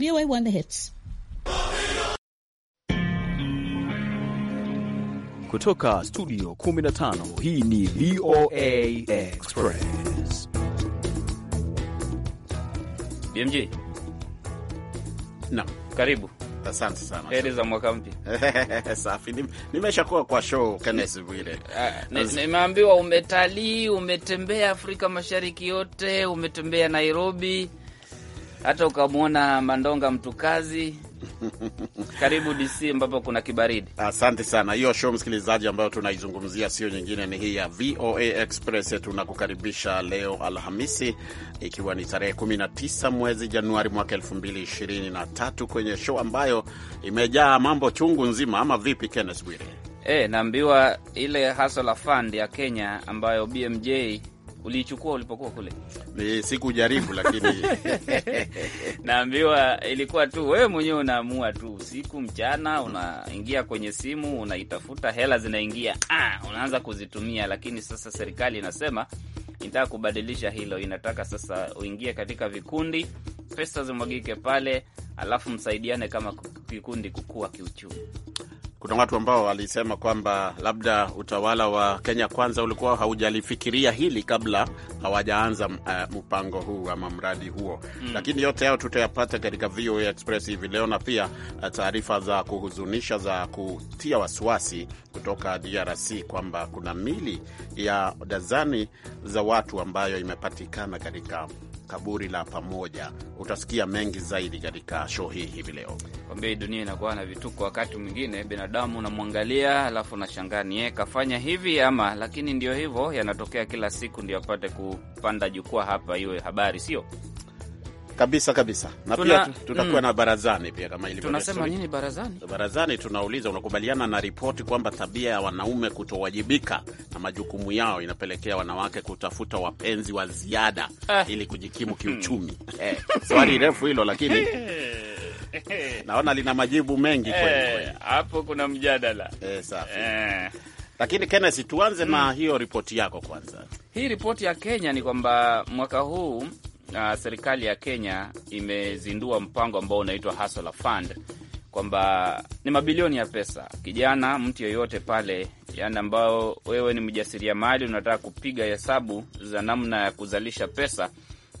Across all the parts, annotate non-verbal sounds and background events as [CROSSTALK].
VOA One The Hits kutoka studio 15. Hii ni VOA Express. BMJ na karibu. Asante sana. Heri za mwaka mpya. [LAUGHS] Safi. Nimeshakuwa kwa show Kenneth Bwire. Ah, nimeambiwa umetalii, umetembea Afrika Mashariki yote, umetembea Nairobi hata ukamwona Mandonga mtukazi karibu DC ambapo kuna kibaridi. Asante sana. Hiyo show msikilizaji, ambayo tunaizungumzia sio nyingine, ni hii ya VOA Express. Tunakukaribisha leo Alhamisi, ikiwa ni tarehe 19 mwezi Januari mwaka 2023 kwenye show ambayo imejaa mambo chungu nzima, ama vipi, Kenneth Bwire? E, naambiwa ile hustle la fund ya Kenya ambayo BMJ uliichukua ulipokuwa kule? Ni siku jaribu lakini [LAUGHS] naambiwa ilikuwa tu wewe mwenyewe unaamua tu, usiku mchana, unaingia kwenye simu, unaitafuta hela zinaingia, ah, unaanza kuzitumia. Lakini sasa serikali inasema inataka kubadilisha hilo, inataka sasa uingie katika vikundi, pesa zimwagike pale, alafu msaidiane kama kikundi kukua kiuchumi kuna watu ambao walisema kwamba labda utawala wa Kenya Kwanza ulikuwa haujalifikiria hili kabla hawajaanza uh, mpango huu ama mradi huo mm. Lakini yote hayo tutayapata katika VOA Express hivi leo na pia eh, taarifa za kuhuzunisha za kutia wasiwasi kutoka DRC kwamba kuna mili ya dazani za watu ambayo imepatikana katika kaburi la pamoja. Utasikia mengi zaidi katika show hii hivi leo. Kwambia dunia inakuwa na vituko, wakati mwingine binadamu unamwangalia, alafu unashangaa niye kafanya hivi ama, lakini ndio hivyo yanatokea kila siku, ndio apate kupanda jukwaa hapa, iwe habari sio kabisa kabisa, na tuna, pia tutakuwa mm, na barazani pia kama ilivyo. Tunasema nini barazani? Barazani tunauliza, unakubaliana na ripoti kwamba tabia ya wanaume kutowajibika na majukumu yao inapelekea wanawake kutafuta wapenzi wa ziada eh, ili kujikimu kiuchumi? Hmm. Eh, swali hmm. refu hilo lakini [LAUGHS] naona lina majibu mengi kweli. Eh, hapo eh, kuna mjadala eh, safi eh. Lakini Kenneth, tuanze mm, na hmm. hiyo ripoti yako kwanza. Hii ripoti ya Kenya ni kwamba mwaka huu uh, serikali ya Kenya imezindua mpango ambao unaitwa Hustler Fund, kwamba ni mabilioni ya pesa. Kijana, mtu yeyote pale, yani ambao wewe ni mjasiriamali, unataka kupiga hesabu za namna ya kuzalisha pesa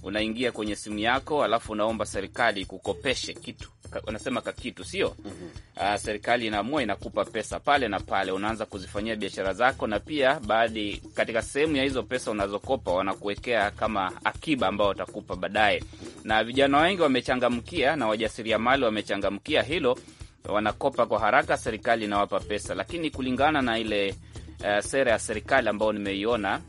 unaingia kwenye simu yako, alafu unaomba serikali kukopeshe kitu, wanasema ka kitu sio? mm -hmm. Serikali inaamua inakupa pesa pale na pale, unaanza kuzifanyia biashara zako, na pia baadhi katika sehemu ya hizo pesa unazokopa wanakuwekea kama akiba ambayo watakupa baadaye, na vijana wengi wamechangamkia na wajasiriamali wamechangamkia hilo, wanakopa kwa haraka, serikali inawapa pesa, lakini kulingana na ile uh, sera ya serikali ambayo nimeiona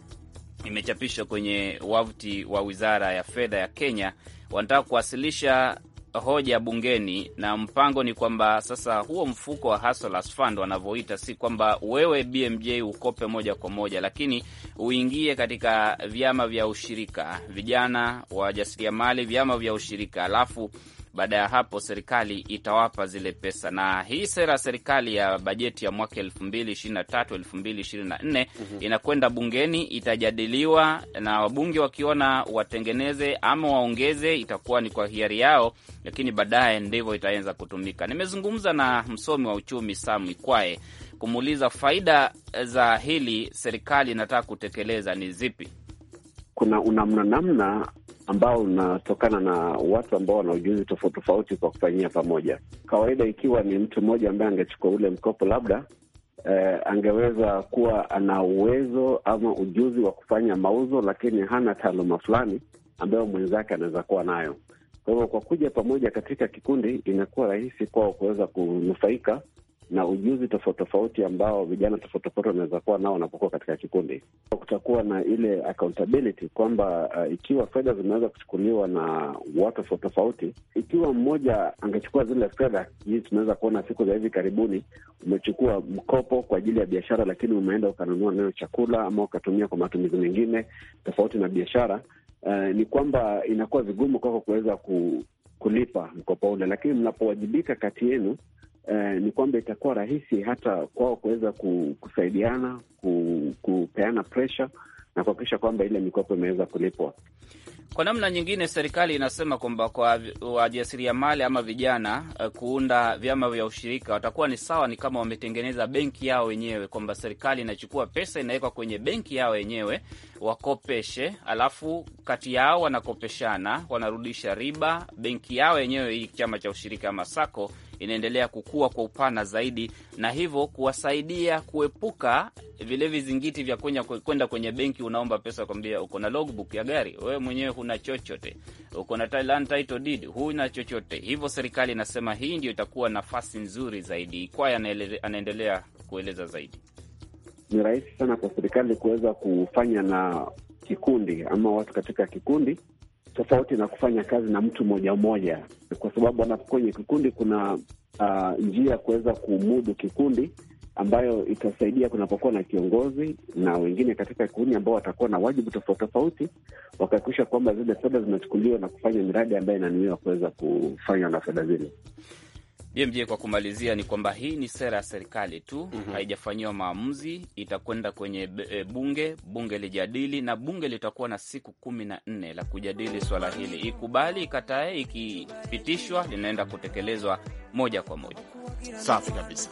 imechapishwa kwenye wavuti wa wizara ya fedha ya Kenya. Wanataka kuwasilisha hoja bungeni, na mpango ni kwamba sasa huo mfuko wa Hustlers Fund wanavyoita, si kwamba wewe BMJ ukope moja kwa moja, lakini uingie katika vyama vya ushirika, vijana wajasiriamali, vyama vya ushirika, alafu baada ya hapo, serikali itawapa zile pesa, na hii sera ya serikali ya bajeti ya mwaka elfu mbili ishirini na tatu elfu mbili ishirini na nne mhm. inakwenda bungeni, itajadiliwa na wabunge, wakiona watengeneze ama waongeze, itakuwa ni kwa hiari yao, lakini baadaye ndivyo itaanza kutumika. Nimezungumza na msomi wa uchumi Sam Ikwae kumuuliza faida za hili serikali inataka kutekeleza ni zipi. Kuna unamna namna ambao unatokana na watu ambao wana ujuzi tofauti tofauti kwa kufanyia pamoja. Kawaida ikiwa ni mtu mmoja ambaye angechukua ule mkopo labda Eh, angeweza kuwa ana uwezo ama ujuzi wa kufanya mauzo, lakini hana taaluma fulani ambayo mwenzake anaweza kuwa nayo. Kwa hivyo, kwa kuja pamoja katika kikundi, inakuwa rahisi kwao kuweza kunufaika na ujuzi tofauti tofauti ambao vijana tofauti tofauti wanaweza kuwa nao wanapokuwa katika kikundi. Kutakuwa na ile accountability kwamba uh, ikiwa fedha zimeweza kuchukuliwa na watu tofauti tofauti, ikiwa mmoja angechukua zile fedha, hii tunaweza kuona siku za hivi karibuni, umechukua mkopo kwa ajili ya biashara, lakini umeenda ukanunua nayo chakula ama ukatumia kwa matumizi mengine tofauti na biashara, uh, ni kwamba inakuwa vigumu kwako kuweza ku, kulipa mkopo ule, lakini mnapowajibika kati yenu eh, ni kwamba itakuwa rahisi hata kwao kuweza kusaidiana, kupeana presha na kuhakikisha kwamba ile mikopo imeweza kulipwa. Kwa namna nyingine, serikali inasema kwamba kwa wajasiriamali ama vijana eh, kuunda vyama vya ushirika watakuwa ni sawa, ni kama wametengeneza benki yao wenyewe, kwamba serikali inachukua pesa inawekwa kwenye benki yao wenyewe, wakopeshe, alafu kati yao wanakopeshana, wanarudisha riba. Benki yao yenyewe hii chama cha ushirika ama sako inaendelea kukua kwa upana zaidi, na hivyo kuwasaidia kuepuka vile vizingiti vya kwenda kwenye benki. Unaomba pesa, kwambia uko na logbook ya gari, wewe mwenyewe huna chochote, uko na land title deed, huna chochote. Hivyo serikali inasema hii ndio itakuwa nafasi nzuri zaidi. Kwaya anaendelea kueleza zaidi ni rahisi sana kwa serikali kuweza kufanya na kikundi ama watu katika kikundi, tofauti na kufanya kazi na mtu moja moja kwa sababu kwenye kikundi kuna uh, njia ya kuweza kumudu kikundi ambayo itasaidia kunapokuwa na kiongozi na wengine katika kikundi ambao watakuwa na wajibu tofauti tofauti, wakahakikisha kwamba zile fedha zinachukuliwa na kufanya miradi ambayo inaniwiwa kuweza kufanywa na fedha zile. BMJ, kwa kumalizia ni kwamba hii ni sera ya serikali tu mm -hmm. Haijafanyiwa maamuzi, itakwenda kwenye e, bunge, bunge lijadili, na bunge litakuwa na siku kumi na nne la kujadili swala hili, ikubali, ikatae. Ikipitishwa linaenda kutekelezwa moja kwa moja. Safi kabisa.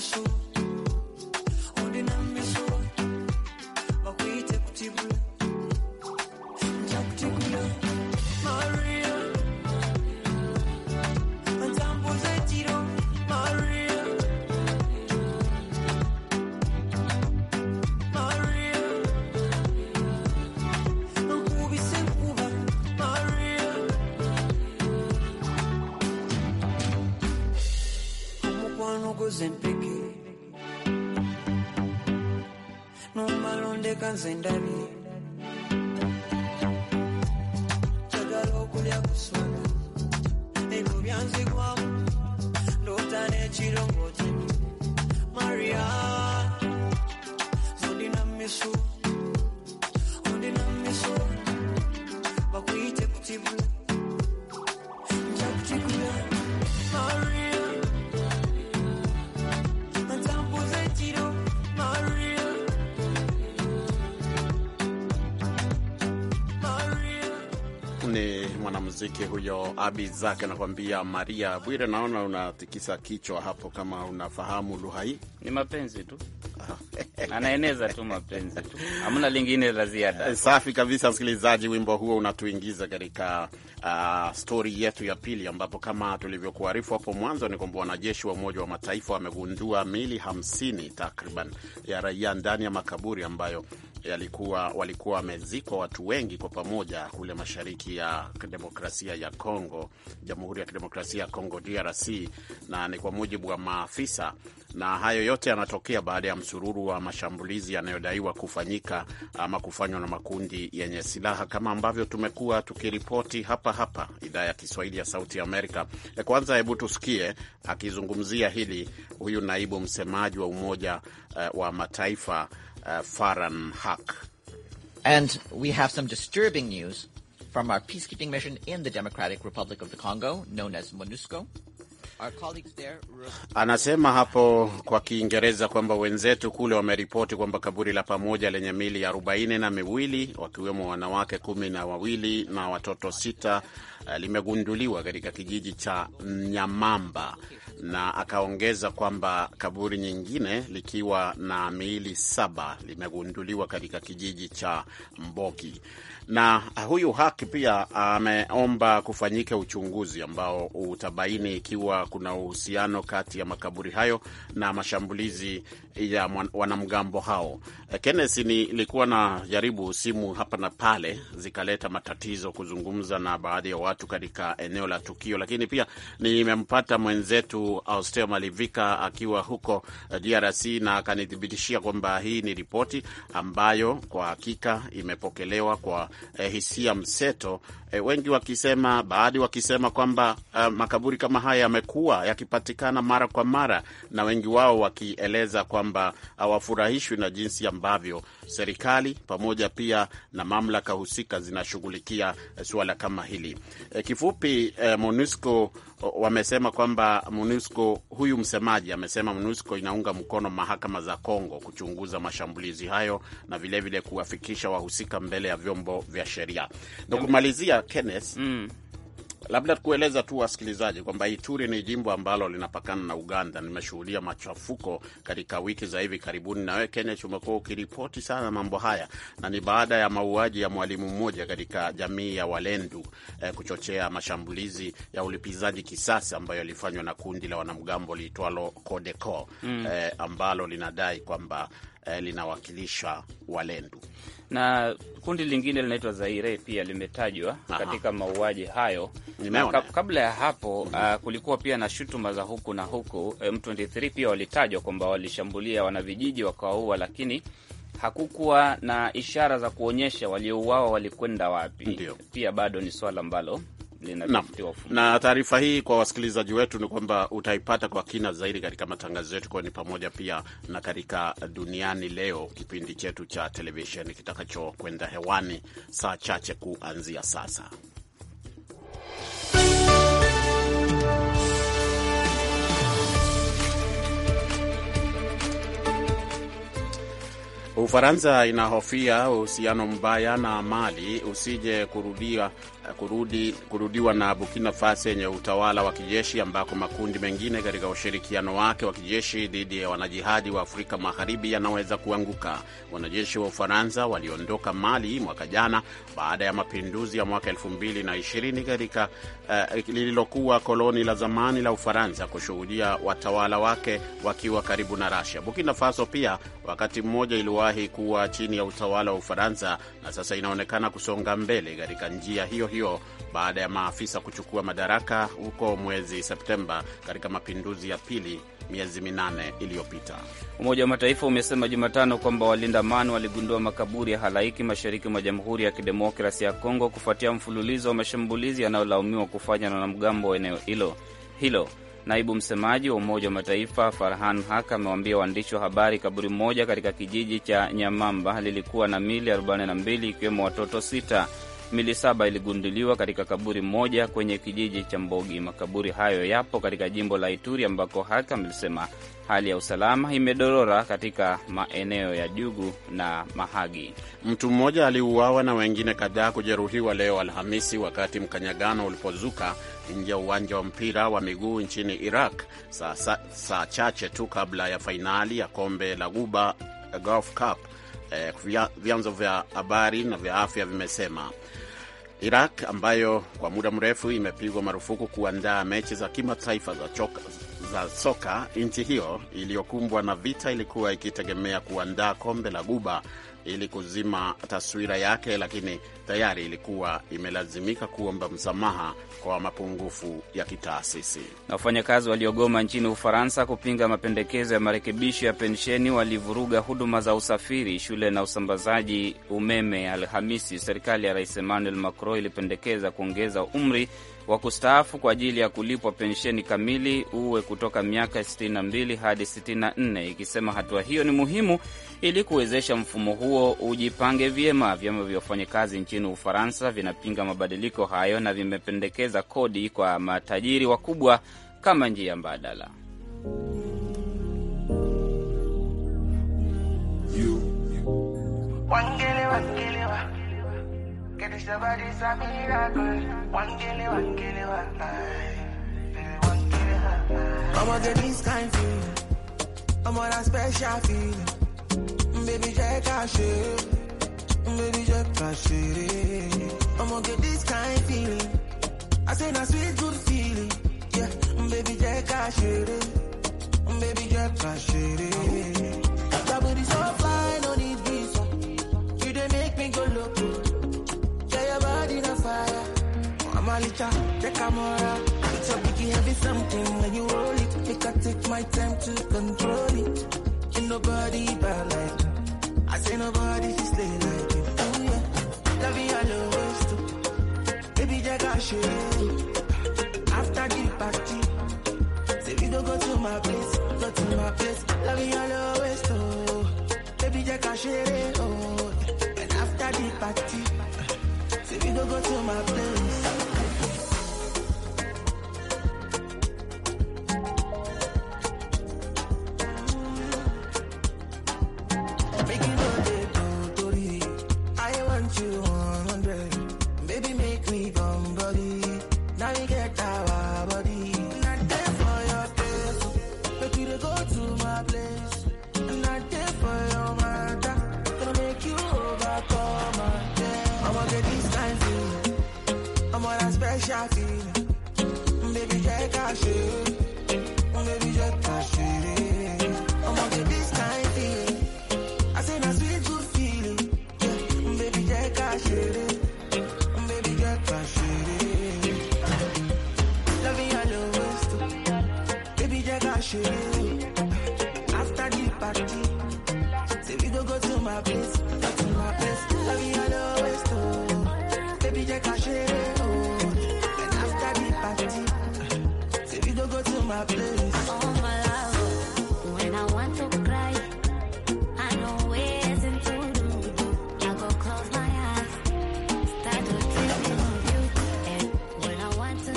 me canción de mwanamuziki huyo Abi Zak anakuambia Maria Bwire. Naona unatikisa kichwa hapo, kama unafahamu lugha hii. Ni mapenzi tu. Aha anaeneza tu mapenzi tu, hamna lingine la ziada. Eh, safi kabisa, msikilizaji, wimbo huo unatuingiza katika uh, ah, stori yetu ya pili, ambapo kama tulivyokuarifu hapo mwanzo ni kwamba wanajeshi wa Umoja wa Mataifa wamegundua mili hamsini takriban ya raia ndani ya makaburi ambayo yalikuwa walikuwa wamezikwa watu wengi kwa pamoja kule mashariki ya demokrasia ya Kongo, Jamhuri ya Kidemokrasia ya Kongo DRC, na ni kwa mujibu wa maafisa, na hayo yote yanatokea baada ya msururu kuwa mashambulizi yanayodaiwa kufanyika ama kufanywa na makundi yenye silaha, kama ambavyo tumekuwa tukiripoti hapa hapa idhaa ya Kiswahili ya Sauti Amerika. E, kwanza hebu tusikie akizungumzia hili huyu naibu msemaji wa Umoja uh, wa Mataifa uh, e, Faran Hak. And we have some disturbing news from our peacekeeping mission in the Democratic Republic of the Congo known as MONUSCO Anasema hapo kwa Kiingereza kwamba wenzetu kule wameripoti kwamba kaburi la pamoja lenye mili arobaini na miwili wakiwemo wanawake kumi na wawili na watoto sita eh, limegunduliwa katika kijiji cha Nyamamba, na akaongeza kwamba kaburi nyingine likiwa na miili saba limegunduliwa katika kijiji cha Mboki na huyu Haki pia ameomba kufanyika uchunguzi ambao utabaini ikiwa kuna uhusiano kati ya makaburi hayo na mashambulizi ya wanamgambo hao. Eh, Kenneth, nilikuwa na jaribu simu hapa na pale, zikaleta matatizo kuzungumza na baadhi ya watu katika eneo la tukio, lakini pia nimempata mwenzetu Austel Malivika akiwa huko eh, DRC na akanithibitishia kwamba hii ni ripoti ambayo kwa hakika imepokelewa kwa eh, hisia mseto eh, wengi wakisema, baadhi wakisema kwamba eh, makaburi kama haya yamekuwa yakipatikana mara kwa mara, na wengi wao wakieleza kwamba hawafurahishwi na jinsi ambavyo serikali pamoja pia na mamlaka husika zinashughulikia eh, suala kama hili. Eh, kifupi eh, MONUSCO wamesema kwamba MONUSCO, huyu msemaji amesema MONUSCO inaunga mkono mahakama za Kongo kuchunguza mashambulizi hayo na vilevile kuwafikisha wahusika mbele ya vyombo vya sheria. Na kumalizia Kenneth, mm. Labda kueleza tu wasikilizaji kwamba Ituri ni jimbo ambalo linapakana na Uganda. Nimeshuhudia machafuko katika wiki za hivi karibuni, nawe Kenya umekuwa ukiripoti sana mambo haya, na ni baada ya mauaji ya mwalimu mmoja katika jamii ya Walendu eh, kuchochea mashambulizi ya ulipizaji kisasi ambayo yalifanywa na kundi la wanamgambo liitwalo Codeco mm. eh, ambalo linadai kwamba eh, linawakilishwa Walendu na kundi lingine linaitwa Zaire pia limetajwa katika mauaji hayo. Kabla ya hapo mm -hmm. uh, kulikuwa pia na shutuma za huku na huku. M23 pia walitajwa kwamba walishambulia wanavijiji wakawaua, lakini hakukuwa na ishara za kuonyesha waliouawa walikwenda wapi. Ndiyo. Pia bado ni swala ambalo na, taarifa hii kwa wasikilizaji wetu ni kwamba utaipata kwa kina zaidi katika matangazo yetu, kwa ni pamoja pia na katika duniani leo, kipindi chetu cha televisheni kitakachokwenda hewani saa chache kuanzia sasa. Ufaransa inahofia uhusiano mbaya na Mali usije kurudia kurudi, kurudiwa na Burkina Faso yenye utawala wa kijeshi ambako makundi mengine katika ushirikiano wake wa kijeshi dhidi ya wanajihadi wa Afrika Magharibi yanaweza kuanguka. Wanajeshi wa Ufaransa waliondoka Mali mwaka jana baada ya mapinduzi ya mwaka 220 katika uh, lililokuwa koloni la zamani la Ufaransa kushuhudia watawala wake wakiwa karibu na Rasia. Burkina Faso pia wakati mmoja iliwahi kuwa chini ya utawala wa Ufaransa na sasa inaonekana kusonga mbele katika njia hiyo hiyo baada ya maafisa kuchukua madaraka huko mwezi Septemba katika mapinduzi ya pili miezi minane iliyopita. Umoja wa Mataifa umesema Jumatano kwamba walinda amani waligundua makaburi ya halaiki mashariki mwa Jamhuri ya Kidemokrasi ya Kongo kufuatia mfululizo wa mashambulizi yanayolaumiwa kufanya na wanamgambo wa eneo hilo hilo. Naibu msemaji wa Umoja wa Mataifa Farhan Hak amewaambia waandishi wa habari kaburi moja katika kijiji cha Nyamamba lilikuwa na mili 42 ikiwemo watoto sita mili saba iligunduliwa katika kaburi moja kwenye kijiji cha Mbogi. Makaburi hayo yapo katika jimbo la Ituri ambako hakam ilisema hali ya usalama imedorora katika maeneo ya Jugu na Mahagi. Mtu mmoja aliuawa na wengine kadhaa kujeruhiwa leo Alhamisi wakati mkanyagano ulipozuka nje ya uwanja wa mpira wa miguu nchini Iraq saa, sa, sa chache tu kabla ya fainali ya kombe la Guba Golf Cup eh, vyanzo vya habari na vya afya vimesema. Iraq ambayo kwa muda mrefu imepigwa marufuku kuandaa mechi za kimataifa za, za soka, nchi hiyo iliyokumbwa na vita ilikuwa ikitegemea kuandaa kombe la Guba ili kuzima taswira yake, lakini tayari ilikuwa imelazimika kuomba msamaha kwa mapungufu ya kitaasisi. Na wafanyakazi waliogoma nchini Ufaransa kupinga mapendekezo ya marekebisho ya pensheni walivuruga huduma za usafiri, shule na usambazaji umeme. Alhamisi, serikali ya Rais Emmanuel Macron ilipendekeza kuongeza umri wa kustaafu kwa ajili ya kulipwa pensheni kamili uwe kutoka miaka 62 hadi 64, ikisema hatua hiyo ni muhimu ili kuwezesha mfumo huo ujipange vyema. Vyama vya wafanyakazi nchini Ufaransa vinapinga mabadiliko hayo na vimependekeza kodi kwa matajiri wakubwa kama njia mbadala. Wangele, wangele. Get this your body's a miracle. One killie, one killie, one life. One killie, one life. I'm going this kind feeling. I'm on a special feeling. Baby, just cash it. Baby, just cash it. I'm gonna get this kind feeling. I say that sweet good feeling. Yeah, baby, just cash it. Baby, just cash it. Malika, take a mora. It's a biggie heavy something when you roll it. Make I take my time to control it. Ain't nobody bad like I say nobody to stay like it. Oh yeah, love me all the way too. Baby, Jack, I show After the party, say we don't go to my place, go to my place. Love me all the way too. Baby, Jack, I show you. And after the party, say we don't go to my place.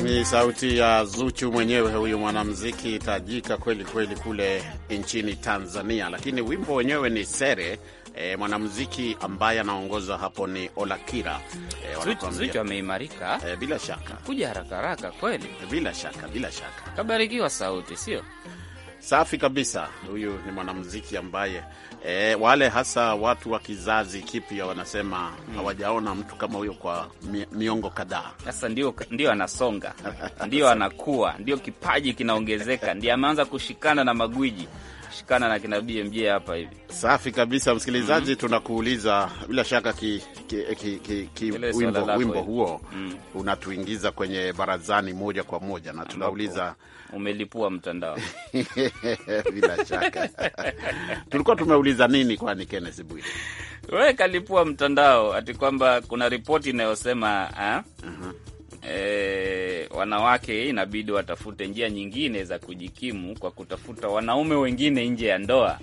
Ni sauti ya Zuchu mwenyewe, huyu mwanamuziki tajika kweli kweli kule nchini Tanzania, lakini wimbo wenyewe ni sere e, mwanamuziki ambaye anaongoza hapo ni Olakira e, ameimarika e, bila shaka kuja haraka haraka kweli, bila shaka bila shaka kabarikiwa sauti, sio safi kabisa. Huyu ni mwanamuziki ambaye e, wale hasa watu wa kizazi kipya wanasema hmm. hawajaona mtu kama huyo kwa miongo kadhaa sasa. Ndio, ndio anasonga, [LAUGHS] ndio anakuwa, ndio kipaji kinaongezeka, ndio ameanza kushikana na magwiji kushikana na kina BMJ hapa hivi. Safi kabisa, msikilizaji. mm -hmm. Tunakuuliza bila shaka ki, ki, ki, ki, ki wimbo, wimbo huo mm -hmm. unatuingiza kwenye barazani moja kwa moja na tunauliza umelipua mtandao [LAUGHS] bila shaka [LAUGHS] tulikuwa tumeuliza nini, kwani Kenneth Bwire we kalipua mtandao ati kwamba kuna ripoti inayosema ah, uh -huh. eh, wanawake inabidi watafute njia nyingine za kujikimu kwa kutafuta wanaume wengine nje ya ndoa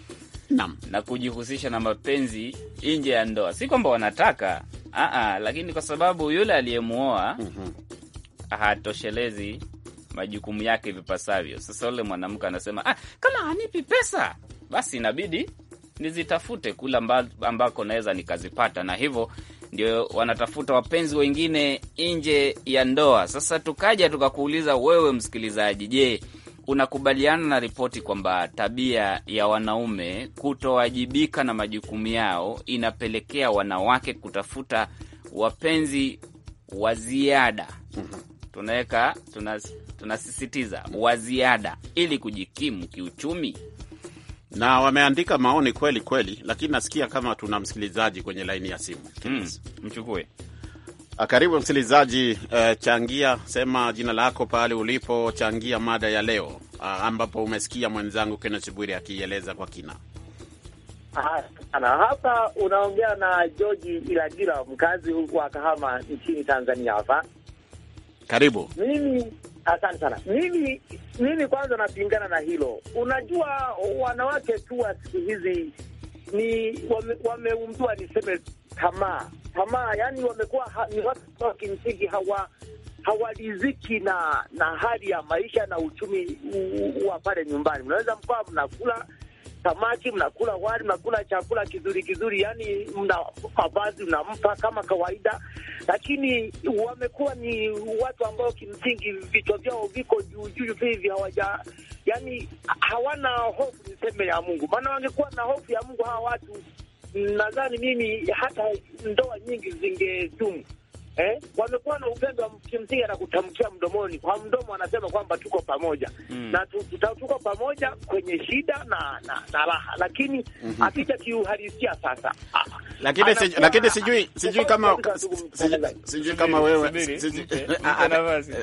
na, na kujihusisha na mapenzi nje ya ndoa. Si kwamba wanataka aa, lakini kwa sababu yule aliyemwoa mm -hmm. hatoshelezi majukumu yake vipasavyo. Sasa yule mwanamke anasema ah, kama hanipi pesa basi inabidi nizitafute kule ambako naweza nikazipata, na hivyo ndio wanatafuta wapenzi wengine nje ya ndoa. Sasa tukaja tukakuuliza wewe msikilizaji, je, unakubaliana na ripoti kwamba tabia ya wanaume kutowajibika na majukumu yao inapelekea wanawake kutafuta wapenzi wa ziada? Mhm. Tunaweka tunasisitiza, tuna wa ziada ili kujikimu kiuchumi na wameandika maoni kweli kweli, lakini nasikia kama tuna msikilizaji kwenye laini ya simu mm. Mchukue. Ah, karibu msikilizaji, uh, changia, sema jina lako pale ulipo, changia mada ya leo uh, ambapo umesikia mwenzangu Kenneth Bwire akiieleza kwa kina. Sana hapa unaongea na George Ilagira, mkazi wa Kahama nchini Tanzania. Hapa karibu mimi Asante sana. Mimi mimi kwanza napingana na hilo. Unajua, wanawake tu wa siku hizi ni wameumbiwa, wame niseme tamaa tamaa, yani wamekuwa ha, ni watu wa kimsingi hawa hawaliziki na na hali ya maisha na uchumi wa pale nyumbani. Mnaweza mkawa mnakula samaki, mnakula wali, mnakula chakula kizuri kizuri, yani mna mavazi mnampa kama kawaida, lakini wamekuwa ni watu ambao kimsingi vichwa vyao viko juu juu hivi, hawaja yani hawana hofu niseme ya Mungu, maana wangekuwa na hofu ya Mungu hawa watu, nadhani mimi hata ndoa nyingi zingedumu eh, wamekuwa na upendo kimsingi, kutamkia mdomoni kwa mdomo, anasema kwamba tuko pamoja mm. na tuko pamoja kwenye shida na na, na raha, lakini mm -hmm. akija kiuhalisia sasa, ah, lakini sijui lakini sijui sijui kama sijui kama wewe,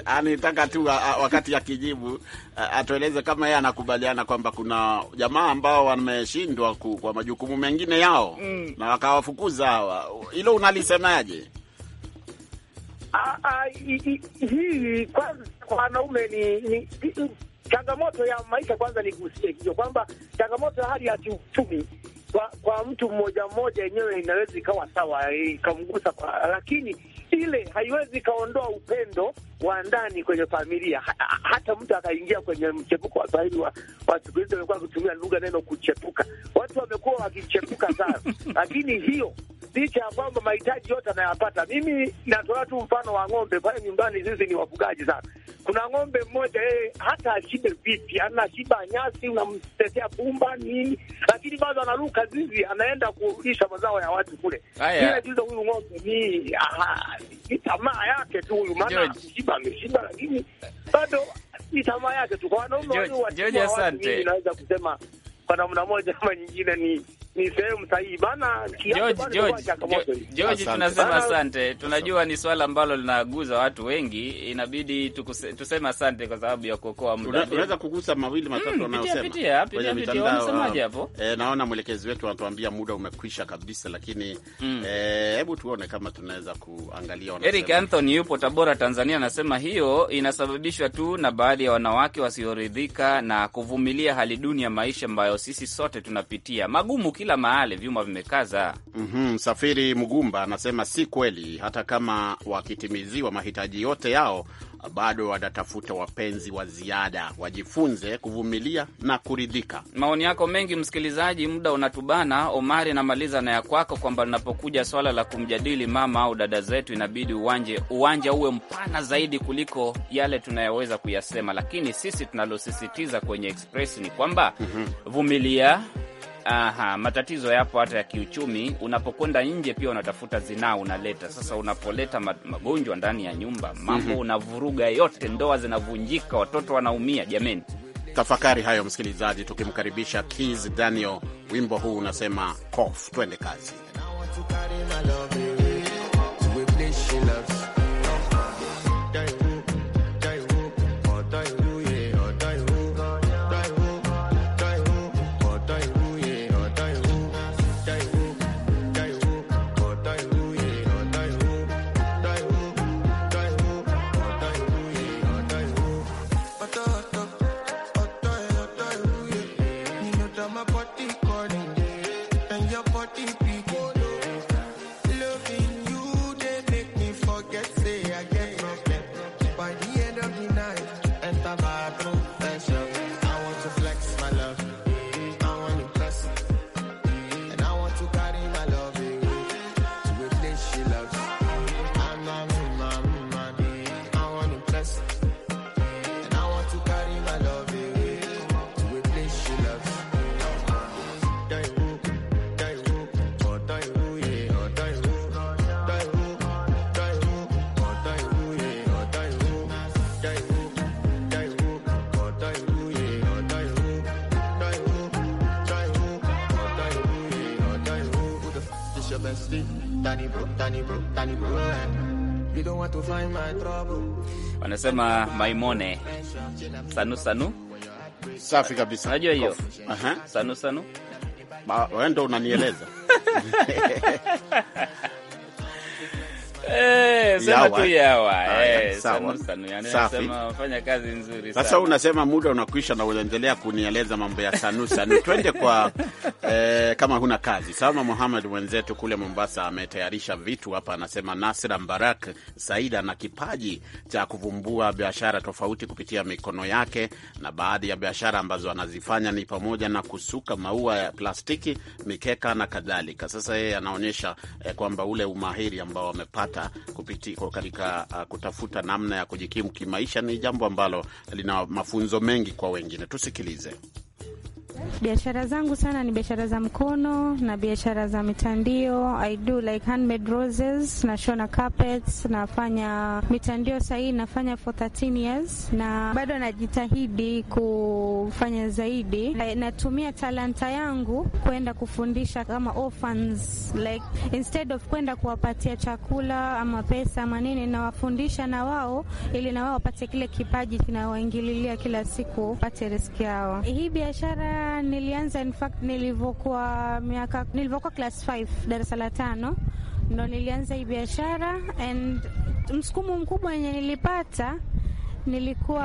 anitaka tu wakati akijibu atueleze kama yeye anakubaliana kwamba kuna jamaa ambao wameshindwa kwa majukumu mengine yao mm. na wakawafukuza hawa, hilo unalisemaje? Ah, ah, hii kwanza kwa wanaume ni, ni, ni changamoto ya maisha. Kwanza nigusie hiyo kwamba changamoto ya hali ya kiuchumi kwa, kwa mtu mmoja mmoja yenyewe inaweza ikawa sawa ikamgusa lakini ile haiwezi ikaondoa upendo wa ndani kwenye familia ha, hata mtu akaingia kwenye mchepuko wa Swahili wa siku hizi wamekuwa wakitumia lugha neno kuchepuka. Watu wamekuwa wakichepuka sana, [LAUGHS] lakini hiyo licha ya kwamba mahitaji yote anayapata. Mimi natoa tu mfano wa ng'ombe pale nyumbani, sisi ni wafugaji sana. Kuna ng'ombe mmoja yeye, hata ashibe vipi, ana shiba nyasi, unamtetea pumba nini, lakini bado anaruka zizi, anaenda kulisha mazao ya watu kule. Ila huyu ng'ombe ni ni tamaa yake tu huyu, maana ameshiba, ameshiba, lakini bado ni tamaa yake tu. Kwa wanaume wanaweza naweza kusema kwa namna moja ama nyingine ni ni sehemu sahihi bana. George, tunasema asante, tunajua ni swala ambalo linaguza watu wengi, inabidi tukuse, tuseme asante kwa sababu ya kuokoa muda. Unaweza kugusa mawili matatu wanayosema hmm, kwenye mitandao. Eh, naona mwelekezi wetu anatuambia muda umekwisha kabisa, lakini mm. eh, hebu tuone kama tunaweza kuangalia. Eric Anthony yupo Tabora, Tanzania, anasema hiyo inasababishwa tu na baadhi ya wanawake wasioridhika na kuvumilia hali duni ya maisha ambayo sisi sote tunapitia magumu kila mahali vyuma vimekaza. mm -hmm. Safiri Mgumba anasema si kweli, hata kama wakitimiziwa mahitaji yote yao bado watatafuta wapenzi wa ziada, wajifunze kuvumilia na kuridhika. Maoni yako mengi msikilizaji, muda unatubana. Omari anamaliza na ya kwako kwamba linapokuja swala la kumjadili mama au dada zetu, inabidi uwanje uwanja uwe mpana zaidi kuliko yale tunayoweza kuyasema, lakini sisi tunalosisitiza kwenye Express ni kwamba mhm. vumilia Aha, matatizo yapo hata ya kiuchumi. Unapokwenda nje pia unatafuta zinaa unaleta. Sasa unapoleta magonjwa ndani ya nyumba, mambo mhm. unavuruga yote, ndoa zinavunjika, watoto wanaumia. Jameni, tafakari hayo msikilizaji, tukimkaribisha Kiz Daniel, wimbo huu unasema cough. Twende kazi. wanasema maimone sanu sanu, safi kabisa. Najua hiyo sanu sanu, wewe ndo unanieleza [LAUGHS] Anasema tu yawa. Ah, eh, yaani, yaani Sasa unasema muda unakwisha na unaendelea kunieleza mambo ya sanu sanu. [LAUGHS] Twende kwa eh, kama huna kazi. Salma Muhamed mwenzetu kule Mombasa ametayarisha vitu hapa, anasema Nasra Mbarak Saida ana kipaji cha kuvumbua biashara tofauti kupitia mikono yake, na baadhi ya biashara ambazo anazifanya ni pamoja na kusuka maua ya plastiki, mikeka na kadhalika. Sasa yeye anaonyesha eh, kwamba ule umahiri ambao amepata kupitia katika uh, kutafuta namna ya kujikimu kimaisha ni jambo ambalo lina mafunzo mengi kwa wengine. Tusikilize. Biashara zangu sana ni biashara za mkono na biashara za mitandio. I do like handmade roses, nashona carpets, nafanya mitandio sahii, nafanya for 13 years na bado najitahidi kufanya zaidi. Natumia talanta yangu kwenda kufundisha kama orphans, like instead of kwenda kuwapatia chakula ama pesa ama nini, nawafundisha na wao ili na wao wapate kile kipaji kinawaingililia kila siku, pate riski yao. Hii biashara nilianza in fact nilivyokuwa miaka nilivyokuwa class 5 darasa la tano ndo nilianza hii biashara and msukumo mkubwa wenye nilipata nilikuwa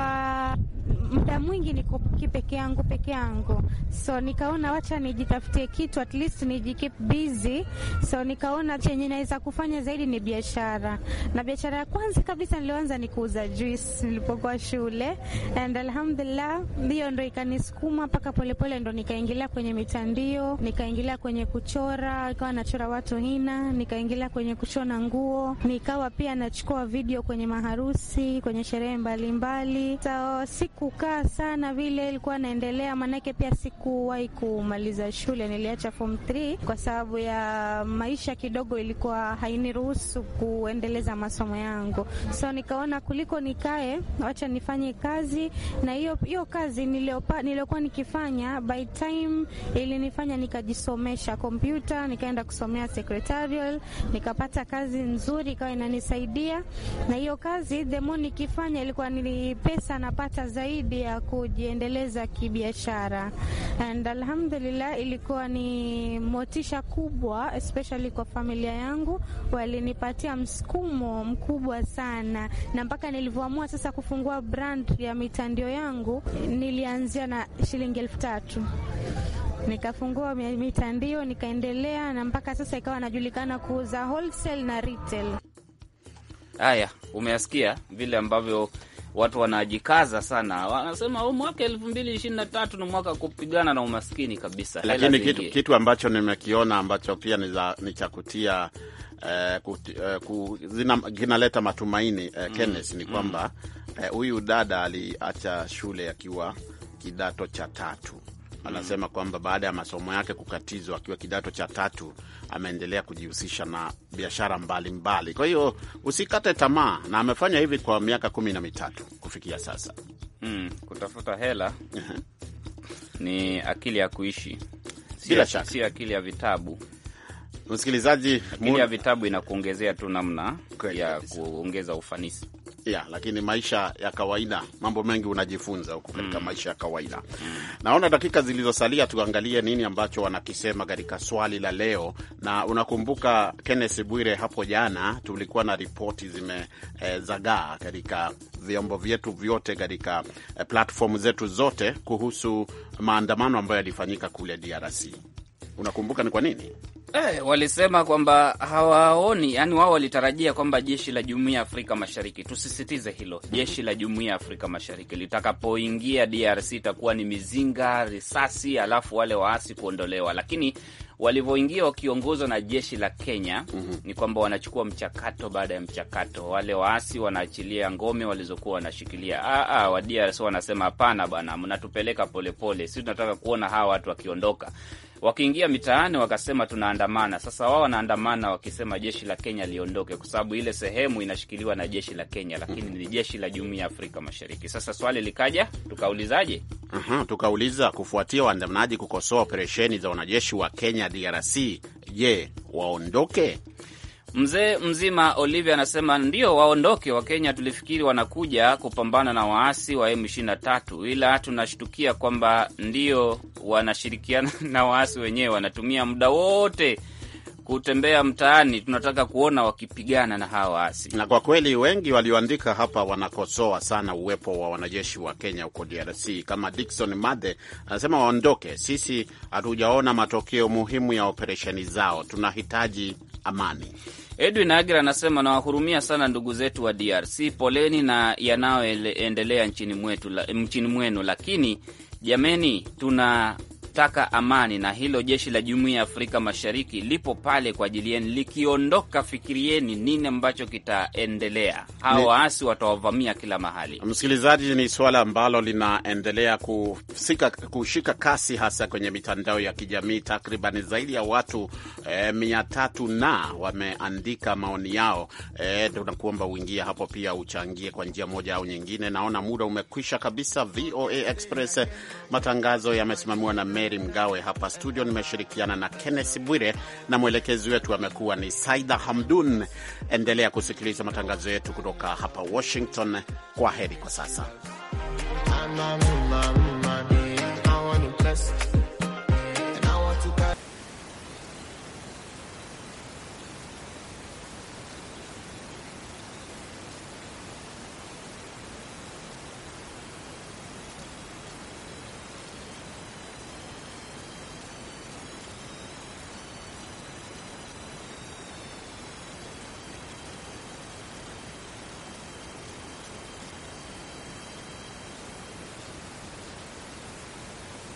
muda mwingi niko kipeke yangu peke yangu, so nikaona wacha nijitafutie kitu at least nijikeep busy. So nikaona chenye naweza kufanya zaidi ni biashara, na biashara ya kwanza kabisa nilioanza ni kuuza juice nilipokuwa shule, and alhamdulillah, ndio ndo ikanisukuma mpaka polepole ndo nikaingilia kwenye mitandio, nikaingilia kwenye kuchora, ikawa nachora watu hina, nikaingilia kwenye kushona nguo, nikawa pia nachukua video kwenye maharusi, kwenye sherehe mbalimbali so, kukaa sana vile ilikuwa naendelea, maanake pia sikuwahi kumaliza shule. Niliacha form 3 kwa sababu ya maisha kidogo ilikuwa hainiruhusu kuendeleza masomo yangu, so nikaona kuliko nikae, wacha nifanye kazi, na hiyo hiyo kazi niliyokuwa nikifanya by time ilinifanya nikajisomesha kompyuta, nikaenda kusomea secretarial, nikapata kazi nzuri ikawa inanisaidia, na hiyo kazi the more nikifanya ilikuwa ni pesa napata zaidi zaidi ya kujiendeleza kibiashara, and alhamdulillah, ilikuwa ni motisha kubwa, especially kwa familia yangu, walinipatia msukumo mkubwa sana, na mpaka nilivyoamua sasa kufungua brand ya mitandio yangu, nilianzia na shilingi elfu tatu nikafungua mitandio nikaendelea, na mpaka sasa ikawa najulikana kuuza wholesale na retail. Haya, umeasikia vile ambavyo watu wanajikaza sana, wanasema mwaka elfu mbili ishirini na tatu ni mwaka kupigana na umaskini kabisa. Lakini kitu, kitu ambacho nimekiona ambacho pia ni cha kutia eh, eh, kinaleta matumaini eh, mm, Kenneth mm, ni kwamba eh, huyu mm, eh, dada aliacha shule akiwa kidato cha tatu anasema kwamba baada ya masomo yake kukatizwa akiwa kidato cha tatu, ameendelea kujihusisha na biashara mbalimbali. Kwa hiyo usikate tamaa, na amefanya hivi kwa miaka kumi na mitatu kufikia sasa. Mm, kutafuta hela [LAUGHS] ni akili ya kuishi, si akili ya vitabu. Msikilizaji, akili ya vitabu inakuongezea tu namna ya kuongeza ufanisi ya, lakini maisha ya kawaida, mambo mengi unajifunza huku katika mm. maisha ya kawaida mm. Naona dakika zilizosalia tuangalie nini ambacho wanakisema katika swali la leo, na unakumbuka Kenneth Bwire, hapo jana tulikuwa na ripoti zimezagaa eh, e, katika vyombo vyetu vyote katika e, platform zetu zote kuhusu maandamano ambayo yalifanyika kule DRC. Unakumbuka ni kwa nini? Eh, walisema kwamba hawaoni, yani wao walitarajia kwamba jeshi la Jumuiya ya Afrika Mashariki, tusisitize hilo, jeshi la Jumuiya ya Afrika Mashariki litakapoingia DRC itakuwa ni mizinga, risasi, alafu wale waasi kuondolewa, lakini walivyoingia wakiongozwa na jeshi la Kenya mm -hmm. Ni kwamba wanachukua mchakato baada ya mchakato, wale waasi wanaachilia ngome walizokuwa wanashikilia. Ah, ah, wa DRC wanasema hapana bwana, mnatupeleka polepole, si tunataka kuona hawa watu wakiondoka wakiingia mitaani wakasema tunaandamana. Sasa wao wanaandamana wakisema jeshi la Kenya liondoke, kwa sababu ile sehemu inashikiliwa na jeshi la Kenya, lakini ni jeshi la jumuiya ya Afrika Mashariki. Sasa swali likaja, tukaulizaje? Uhum, tukauliza kufuatia waandamanaji kukosoa operesheni za wanajeshi wa Kenya DRC, je, waondoke? Mzee mzima Olivia anasema ndio waondoke Wakenya, tulifikiri wanakuja kupambana na waasi wa M23, ila tunashtukia kwamba ndio wanashirikiana [LAUGHS] na waasi wenyewe, wanatumia muda wote kutembea mtaani. Tunataka kuona wakipigana na hawa waasi. Na kwa kweli wengi walioandika hapa wanakosoa sana uwepo wa wanajeshi wa Kenya huko DRC, kama dikson Madhe anasema waondoke, sisi hatujaona matokeo muhimu ya operesheni zao, tunahitaji amani. Edwin Agira anasema nawahurumia sana ndugu zetu wa DRC, poleni na yanayoendelea nchini mwetu, nchini mwenu, lakini jameni, tunataka amani, na hilo jeshi la jumuiya ya Afrika Mashariki lipo pale kwa ajili yenu. Likiondoka, fikirieni nini ambacho kitaendelea. Hawa waasi watawavamia kila mahali. Msikilizaji, ni suala ambalo linaendelea kushika kasi hasa kwenye mitandao ya kijamii. Takriban zaidi ya watu e, mia tatu na wameandika maoni yao. E, tunakuomba uingie hapo pia uchangie kwa njia moja au nyingine. Naona muda umekwisha kabisa. VOA Express matangazo yamesimamiwa na Mary Mgawe hapa studio, nimeshirikiana na Kenneth Bwire na mwelekezi wetu amekuwa ni Saida Hamdun. Endelea kusikiliza matangazo yetu kutoka hapa Washington. Kwa heri kwa sasa.